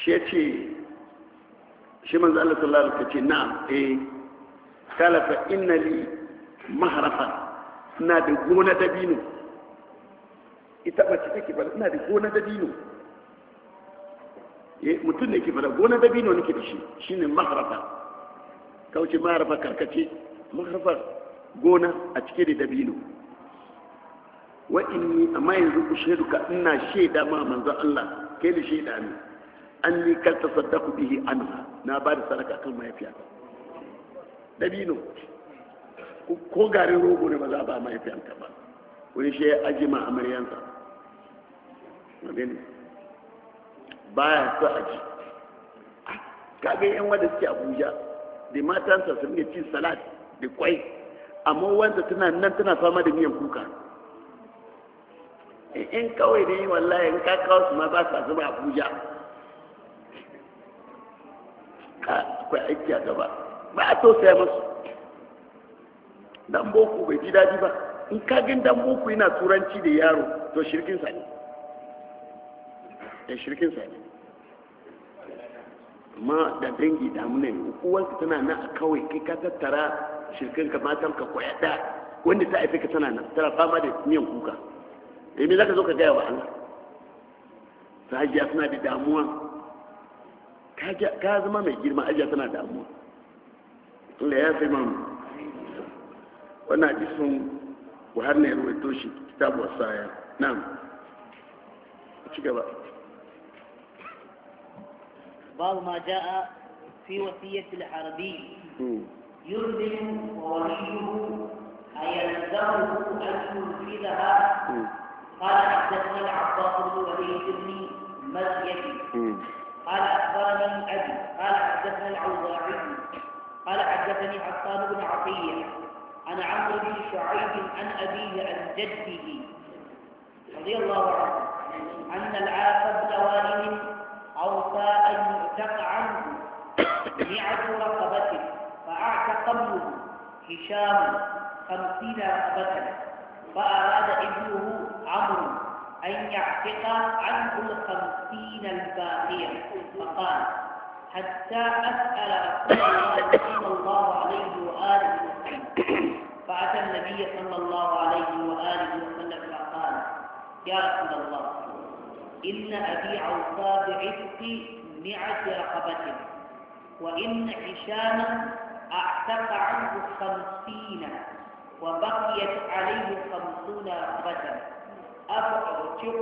shi ce shi manzo Allah sallallahu alaihi wasallam ce na eh kala fa inna li mahrafa ina da gona dabino ita mace take bala ina da gona dabino eh mutum ne ke bala gona dabino nake da shi shine mahrafa kauce mahrafa karkace mahrafa gona a cike da dabino wa inni amma yanzu ku shaidu ka ina shaida ma manzo Allah kai da shaida ne an ni kar ta saddaku bihi anha na ba da sadaka kan mahaifiya dabino ko garin rogo ne ba za a ba mahaifiyanta ba wani shi ya aji ma amaryansa ya so aji ah, kaga yan wanda suke abuja da matansa sun ne cin salat da kwai amma wanda tana nan tana fama da miyan kuka eh, in kawai ne wallahi in ka su ma ba sa zuba abuja akwai aiki a gaba ba a tausaya masu dan boko bai ji daji ba in kagin dan boko yana turanci da yaro to shirkinsa ne da eh, shirkinsa ne amma da dangi damuna ne uwanka tana nan a kawai kai ka tattara shirkinka matan ka kwaya da wanda ta haife ka tana nan tana fama da miyan kuka da eh, me za ka zo ka gaya wa Allah ta suna da damuwa ka zama mai girma ajiya tana damuwa tunda ya fi mamu wannan hadisin buhari ne ruwaito shi kitabu wasaya nan ci gaba babu ma ja'a fi wasiyyati al-harbi يرزم ووليه أيلزمه أن ينفذها قال حدثنا العباس بن وليد بن مزيد قال أخبرني أبي قال حدثني الأوزاعي قال حدثني حسان بن عطية عن عمرو بن شعيب عن أبيه عن جده رضي الله عنه أن العاف بن والد أوصى أن يعتق عنه مئة رقبة فأعتق ابنه هشام خمسين رقبة فأراد ابنه عمرو أن يعتق عنه الخمسين الباقية فقال حتى أسأل رسول الله صلى الله عليه وآله وسلم فأتى النبي صلى الله عليه وآله وسلم فقال يا رسول الله إن أبي عوفى بعتق مئة رقبة وإن هشاما أعتق عنه خمسين وبقيت عليه خمسون رقبة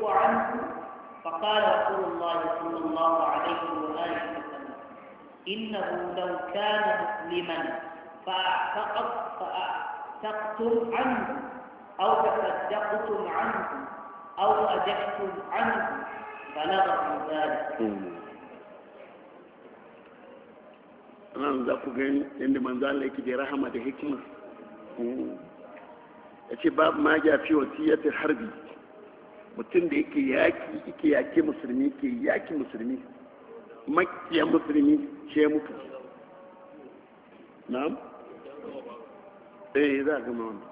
عنه فقال رسول الله صلى الله عليه وآله وسلم إنه لو كان مسلما فأعتقد فأعتقتم عنه أو تصدقتم عنه أو أجبتم عنه بلغه ذلك أنا za ku gani yadda manzala yake da rahama da hikima ya ce babu ma fi wasiyyatar harbi mutum da yake yaki yake yaki musulmi ke yaki musulmi makiya musulmi shi mutu na'am eh za a gama wannan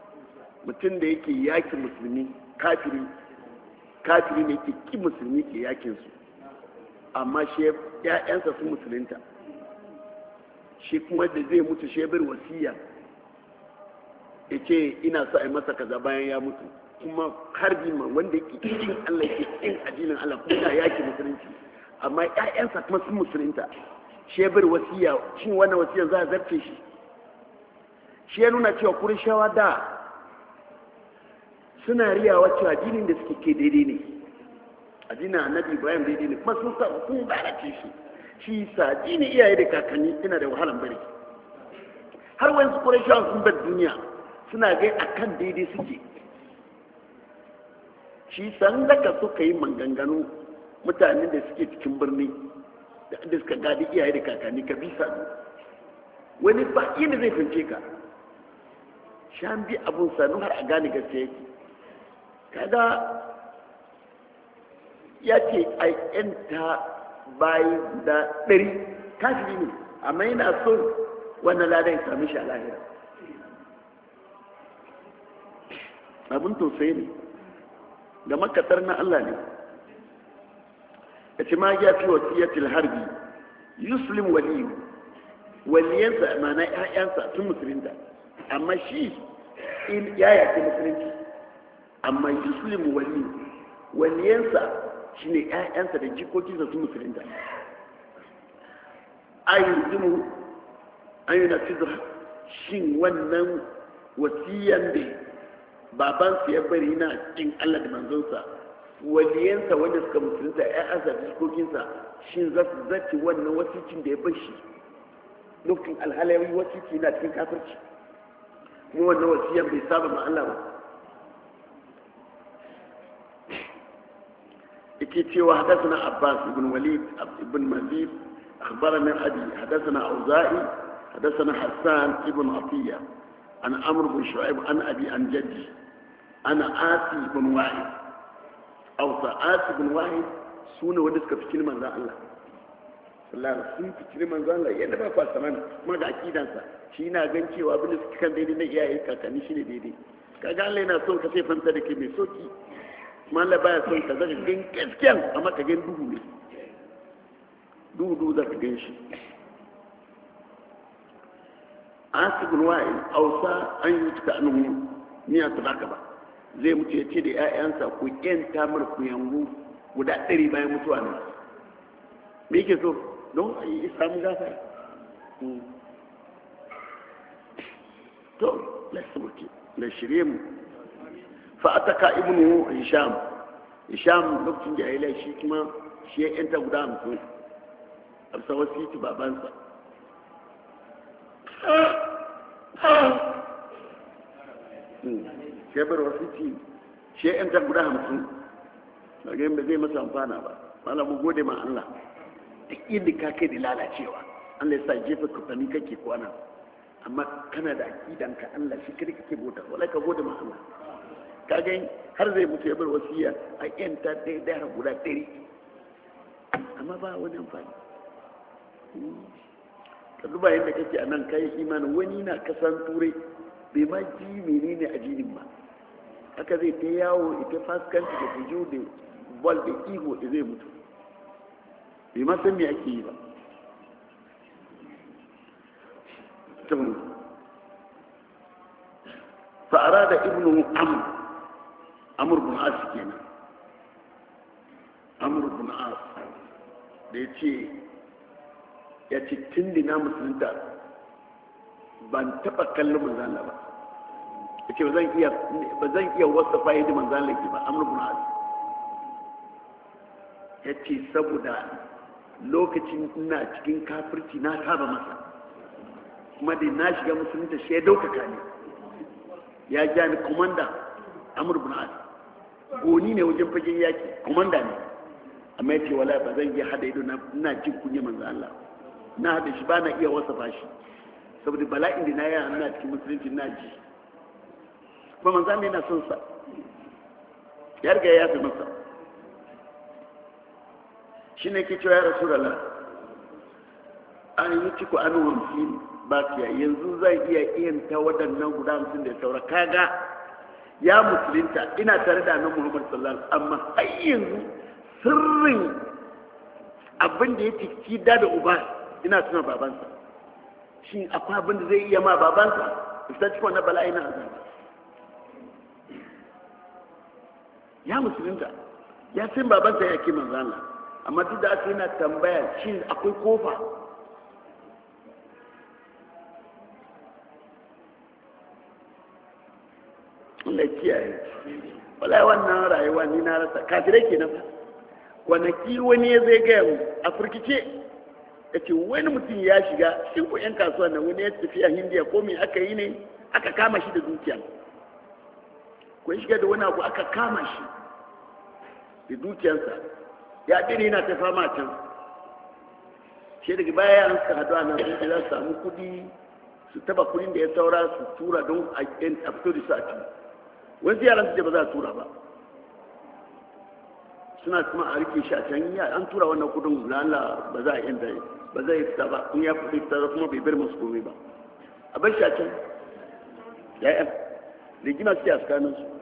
mutum da yake yaki musulmi kafiri kafiri ne ke ki musulmi ke yakin su amma shi ya'yansa su musulunta shi kuma da zai mutu shi wasiya ya ce ina sa a masa kaza bayan ya mutu kuma harbi ma wanda ke cikin Allah ke cikin addinin Allah kuma da yake musulunci amma ƴaƴansa kuma sun musulunta shi ya bar wasiya shin wannan wasiya za a zarce shi shi ya nuna cewa kurishawa da suna riyawa cewa addinin da suke ke daidai ne addinin annabi ibrahim daidai ne kuma sun sa sun lalace shi shi sa addinin iyaye da kakanni ina da wahalan bari har wani su kurishawa sun bar duniya suna gai akan daidai suke shi san daga suka yi manganganu mutane da suke cikin birni da suka gadi iyaye da kakanni ka bi wani ba inda zai fince ka shan bi abun sanu har a gane gaskiya yake kaga ya ce a yanta bayi da ɗari kafiri ne amma yana so wannan ladan ya sami shi a lahira abin tausayi ne da makatar na Allah ne ya ce ma ya fi wasiyatil harbi yuslim waliyu waliyansa mana tun sun musulunta amma shi in ya yake musulunci amma yuslim wani waliyansa shi ne 'ya'yansa da jikokinsa tun musulunta ayin zimu ayin na shin wannan wasiyan da babansu ya bari yana jin allah da manzonsa waliyansa wanda suka musulunta ya'yansa da jikokinsa shi za su zace wannan wasicin da ya bar shi lokacin alhalayoyi wasici na cikin kafirci kuma wannan wasiyar bai saba ma allah ba yake cewa hadasana abbas ibn walid ibn mazid اخبرنا ابي حدثنا اوزاعي حدثنا Hassan, ابن عطيه عن عمرو bin شعيب عن ابي عن جدي ana asi bin wahid ausa asi bin wahid su ne wanda suka fikir manzan Allah sallara sun fikir manzan Allah yadda ba ku mana kuma ga akidansa shi na gan cewa bin suka kan daidai na iyaye kakanni shi daidai kaga Allah yana son ka sai fanta da ke mai soki kuma Allah baya son ka zaka gan gaskiyan amma ka gan duhu ne duhu duhu zaka gan shi asibin wa'in ausa an yi cika annuhu ni a tabaka ba zai mutu ya ce da 'ya'yansa ku yanta mar ku yangu guda ɗari bayan mutuwa nan me yake so don a yi samun gafara hmm. to lasabuki na shirye mu a fa'ataka ibnu hisham hisham lokacin da ya yi laishi kuma shi ya yanta guda hamsin a bisa wasu yi babansa Hmm. sai bar wasu ci shi yan ta guda hamsin ga ba zai masa amfana ba mana mu gode ma Allah duk inda ka kai da lalacewa Allah ya sa jefa kafani kake kwana amma kana da akidan ka Allah shi kare kake bota wala ka gode ma Allah ka ga har zai mutu ya bar wasiya a yan ta dai da guda ɗari amma ba wani amfani ka duba yadda kake a nan kayan imanin wani na kasan turai bai ma ji menene addinin ba haka zai ta yawo ita faskanta da fujo da bal da ihu da zai mutu bai ma san me ake yi ba fa'ara da ibnu amr amur bin as kenan amur bin as da ya ce ya ce tun dina musulunta ban taɓa kallon manzana ba yace ba zan iya ba zan iya wasafa yadda manzan laifi ba amr ibn az yace saboda lokacin ina cikin kafirci na saba masa kuma da na shiga musulunta shi ya daukaka ne ya ja ni komanda amr ibn az goni ne wajen fagen yaki komanda ne amma yace wala ba zan iya hada ido na jin kunye manzan Allah na hada shi ba na iya wasa fashi saboda bala'in da na yi a cikin musulunci na ji ba manzo Allah yana son sa ya riga ya fi masa shi ne ke cewa ya rasu rala an yi ciko an hamsin ba kiya yanzu zai iya iyanta waɗannan guda hamsin da ya saura kaga ya musulunta ina tare da nan muhammad sallallahu alaihi amma har yanzu sirrin abin da ya ci da da uba ina tuna babansa shin akwai abin da zai iya ma babansa ita cikin na bala'i na azaba ya musulunta ya san babansa ya ke manzana amma duk da aka yi na tambaya shi akwai kofa Allah kiyaye wala wannan rayuwa ni na rasa kafirai kenan fa kwanaki wani ya zai gaya mu a furkice ya ce wani mutum ya shiga shi ku 'yan kasuwa na wani ya tafi a hindiya ko mai aka yi ne aka kama shi da dukiya ko shiga da wani abu aka kama shi da dukiyarsa ya ɗini yana ta fama can shi daga baya an suka haɗu a nan sun za su samu kuɗi su taba kuɗin da ya saura su tura don a fito da su a cikin wani yaran su ce ba za a tura ba suna kuma a rike shi a can ya an tura wannan kudin lalla ba za a da ba yi fita ba kun ya fita fita kuma bai bar musu komai ba a bar shi a can ya'yan rigima su ya tsakanin su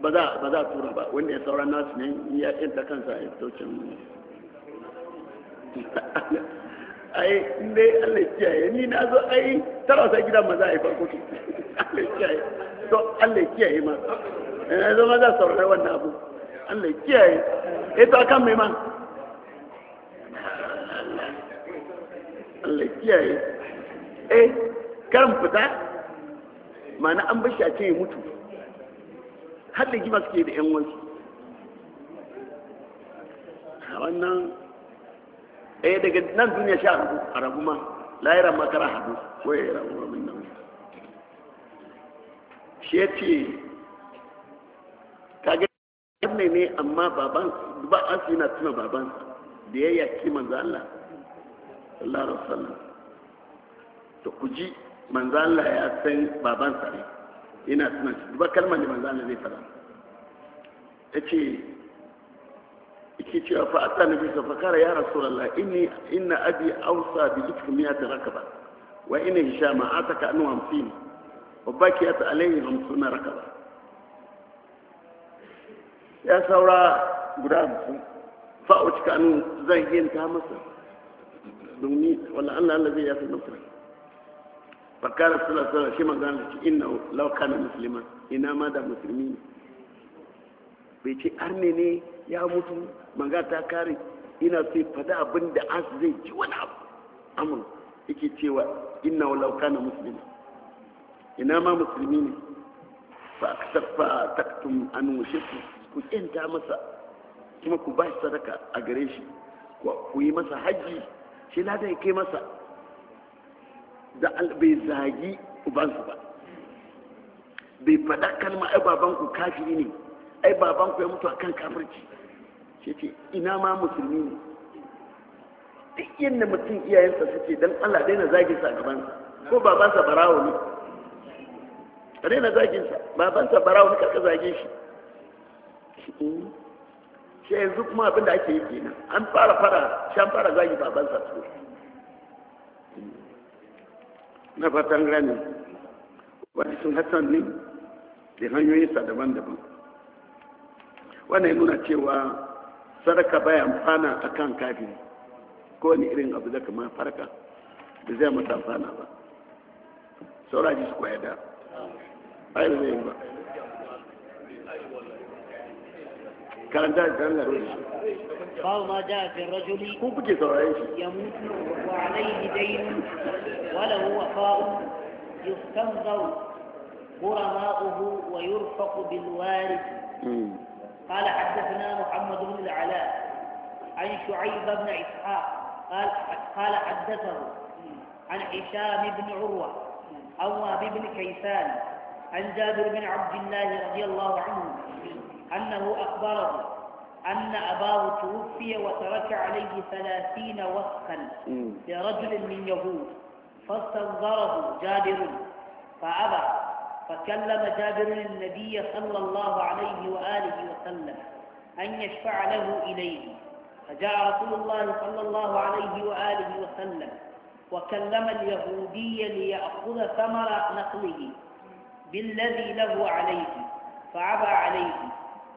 ba za a tura ba wanda ya sauran nasu ne ya yanta kansa a yaktocin ai inda ya allah kiyaye ni na zo ai tarasa gidan ma za a yi farko ki allah kiyaye to allah kiyaye ma yana eh, zo ma za a saurari wannan abu allah kiyaye eh, ta kan mai ma allah kiyaye eh karin fita ma na an bashi a ce mutu har da su ke da yan wansu wannan ɗaya eh, daga nan duniya sha rabu a rabu ma layira makara hadu ko ya yi rabu rabin nan shi ya ce kage ne ne amma baban ba an su yana tuna baban da ya yaki manzo Allah sallallahu alaihi wasallam to ku ji manzo Allah ya san baban sa ne ina tuna duba kalmar da manzo Allah zai fada yace yake cewa fa atta nabi sa fakara ya rasulullah inni inna abi awsa bi miya dhikri mi'at ba, wa ina inna hishama ataka anu 50 wa bakiyat alayhi 50 ba, ya saura guda fa a fa'uci kanu zan yi ta masa domin wala Allah Allah zai yafi masa fakara sula sula shi magana da ci inna lauka na ina ma da musulmi bai ce arne ne ya mutu manga ta kare ina sai fada abin da as zai ci wani abu amur yake cewa inna lauka na ina ma musulmi ne fa aksar fa taktum an wushe masa kuma ku ba sadaka a gare shi ku yi masa hajji shi lada ya kai masa da bai zagi ubansu ba bai faɗa kalma ai babanku kafiri ne ai babanku ya mutu akan kafirci ce ce ina ma musulmi ne duk yadda mutum iyayensa suke don allah daina zagin sa gabansa ko babansa barawo ne ka zagin zaginsa babansa barawo ne karka zage shi hmm. shi yanzu kuma abin da ake yi kenan an fara fara shi an fara zagi babansa su na fatan wani sun hassan ne da hanyoyinsa daban-daban wannan nuna cewa sadaka baya amfana a kan ko kowane irin abu da kama farka da zai mata amfana ba sauraji su kwaya da ba ba karanta da karanta da babu ma ja fi rajuli ku kuke sauraron shi ya mutu wa ويرفق بالوارث قال حدثنا محمد بن العلاء عن شعيب بن إسحاق قال قال حدثه عن هشام بن عروة أو بن كيسان عن جابر بن عبد الله رضي الله عنه أنه أخبره أن أباه توفي وترك عليه ثلاثين وفقا لرجل من يهود فاستنظره جابر فأبى فكلم جابر النبي صلى الله عليه وآله وسلم أن يشفع له إليه فجاء رسول الله صلى الله عليه وآله وسلم وكلم اليهودي ليأخذ ثمر نقله بالذي له عليه فعبى عليه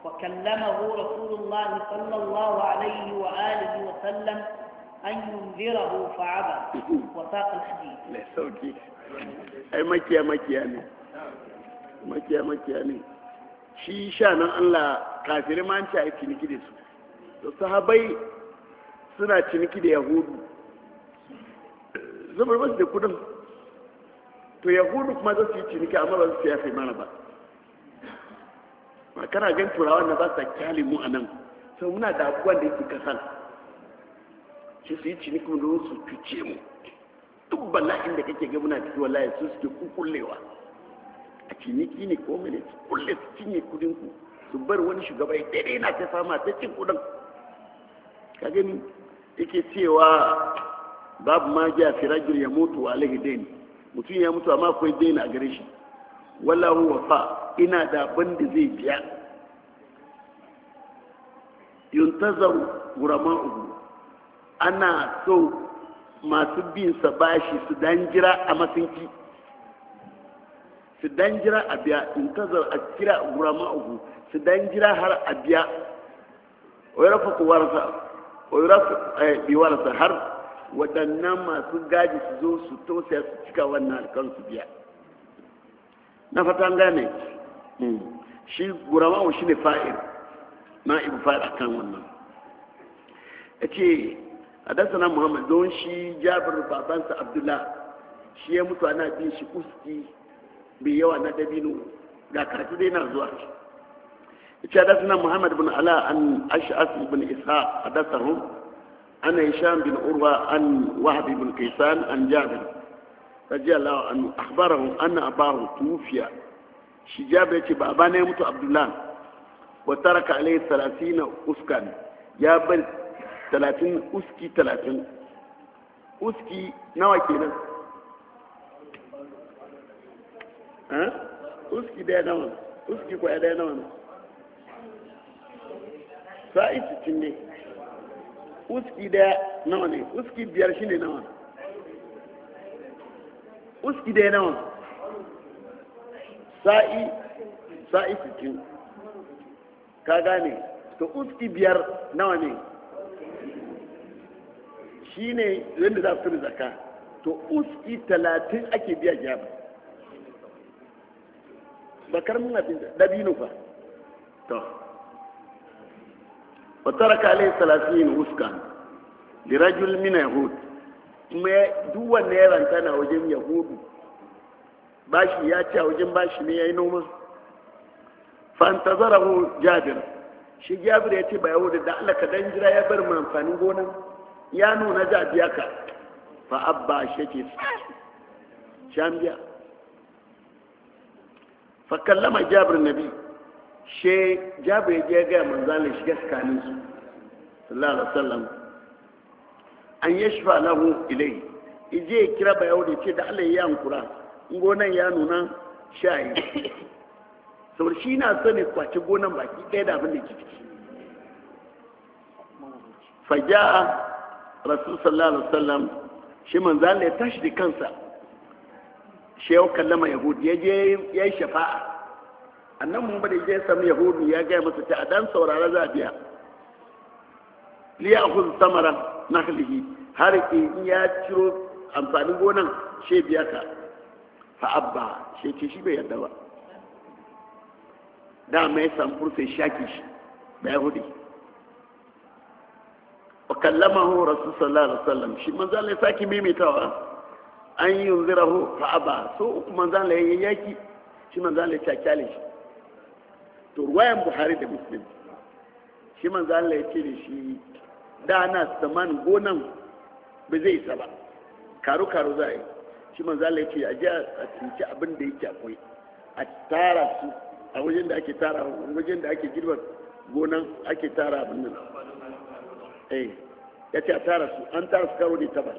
وكلمه رسول الله صلى الله عليه وآله وسلم أن ينذره فعبى وساق الحديث لا سوكي أي مكيا مكيا ne makiya ne shi sha nan Allah kafirin ma ci a yi ciniki da su da sahabai suna ciniki da yahudu zubar wasu da kudin to yahudu kuma za su yi ciniki amma ba su yafe mana ba ma kana gan turawa na ba sa kyale mu a nan sai muna da abubuwan da yake kasan shi su yi cinikin don su cuce mu duk bala'in da kake ga cikin ciki wallahi su suke kukullewa a ciniki ne ko mene su kulle su cinye kudin ku su bar wani shugaba ya daidai na ta fama ta cin kudin ka gani yake cewa babu ma ja firajir ya mutu a daini mutum ya mutu amma akwai daina a gare shi wala huwa fa ina da abin da zai biya yuntazar uku ana so masu bin sa bashi su dan jira a masinki su dan jira a biya yuntazar a kira uku su dan jira har a biya oyarafa kuwarsa oyarafa eh, biwarsa har waɗannan masu gaji su zo su tosa su cika wannan alkan su biya na fatan gane hmm. shi guramawa shi ne fa'ir na ibu fa'ir a kan wannan ya ce hadasana Muhammadu don shi jabir babansa abdullah shi ya mutu ana bin shi uski bai yawa na dabino ga karatu dai na zuwa ya ce hadasana Muhammadu bin ala an ash'as bin isa hadasarun ana hisham bin urwa an wahabi bin kaisan an jabir رضي الله عنه أخبره أن أباه توفي شجابة بابانا يموت عبد الله وترك عليه ثلاثين أسكا يا بل ثلاثين أسكي ثلاثين أسكي نوى كينا أسكي دي نوى أسكي كوي دي نوى سائس تنين أسكي دي نوى أسكي بيارشيني نوى uski dai nawa sa'i sa'i sittin ka gane to uski biyar nawa ne shi ne yadda za su fi zaka to uski talatin ake biya gyara bakar muna fi dabino ba to wa taraka alayhi 30 uskan lirajul min yahud kuma duk wanne ya ranta na wajen yahudu bashi ya ce a wajen bashi ne ya yi noma fantazarahu jabir shi jabir ya ce ba yahudu da allah don jira ya bar mu amfanin gonan ya nuna za aka. ka fa abba shi ke shan biya fa kallama jabir nabi she jabir ya je ga manzalin shi gaskanin su sallallahu alaihi wasallam an yashfa lahu ilai ije kira ba yau da ce da Allah ya hankura in gonan ya nuna shayi saboda shi na so ne kwaci gonan baki ɗaya da abin da ke ciki faja'a rasul sallallahu alaihi wasallam shi manzo ya tashi da kansa shi ya ma yahudi ya je ya yi shafa'a annan mun bada je sami yahudi ya gaya masa ta dan saurara za biya liya hun samara nahlihi har ke iya ciro amfanin gonan she biya ka fa abba she ce shi bai yarda ba da mai samfur sai shaki shi bai hudi wa kallamahu rasul sallallahu alaihi wasallam shi manzo Allah ya saki mimitawa an yi yunzirahu fa abba so uku manzo Allah ya yaki shi manzo Allah ya kyale shi to ruwayan buhari da muslim shi manzo Allah ya ce da shi da ana saman gonan ba zai isa ba karo-karo za a yi shi manzo zala yake a jiya a cinci abin da yake akwai a tara su a wajen da ake tara wajen da ake girba gonan ake tara abin nan eh ya ce a tara su an tara su karo ne tabar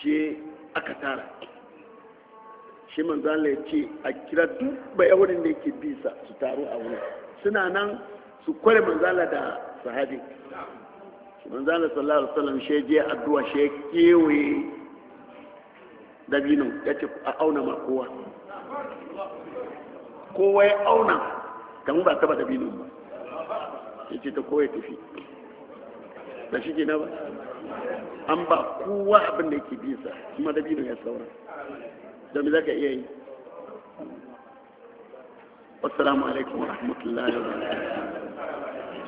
shi aka tara shi man zala ya ce a kira duk bayawarin da yake bisa su taro a wani suna nan su kware manzala da sahabi manzala sallallahu alaihi wasallam shi je addu'a shi kewaye dabino ya ce a auna ma kowa kowa ya auna kamun ba taba dabino ba ya ce ta kowa ya tafi da shi ke na ba an ba kowa abin da yake bisa kuma dabino ya saura domin za ka iya yi wasu alaikum wa rahmatullahi wa barakatuh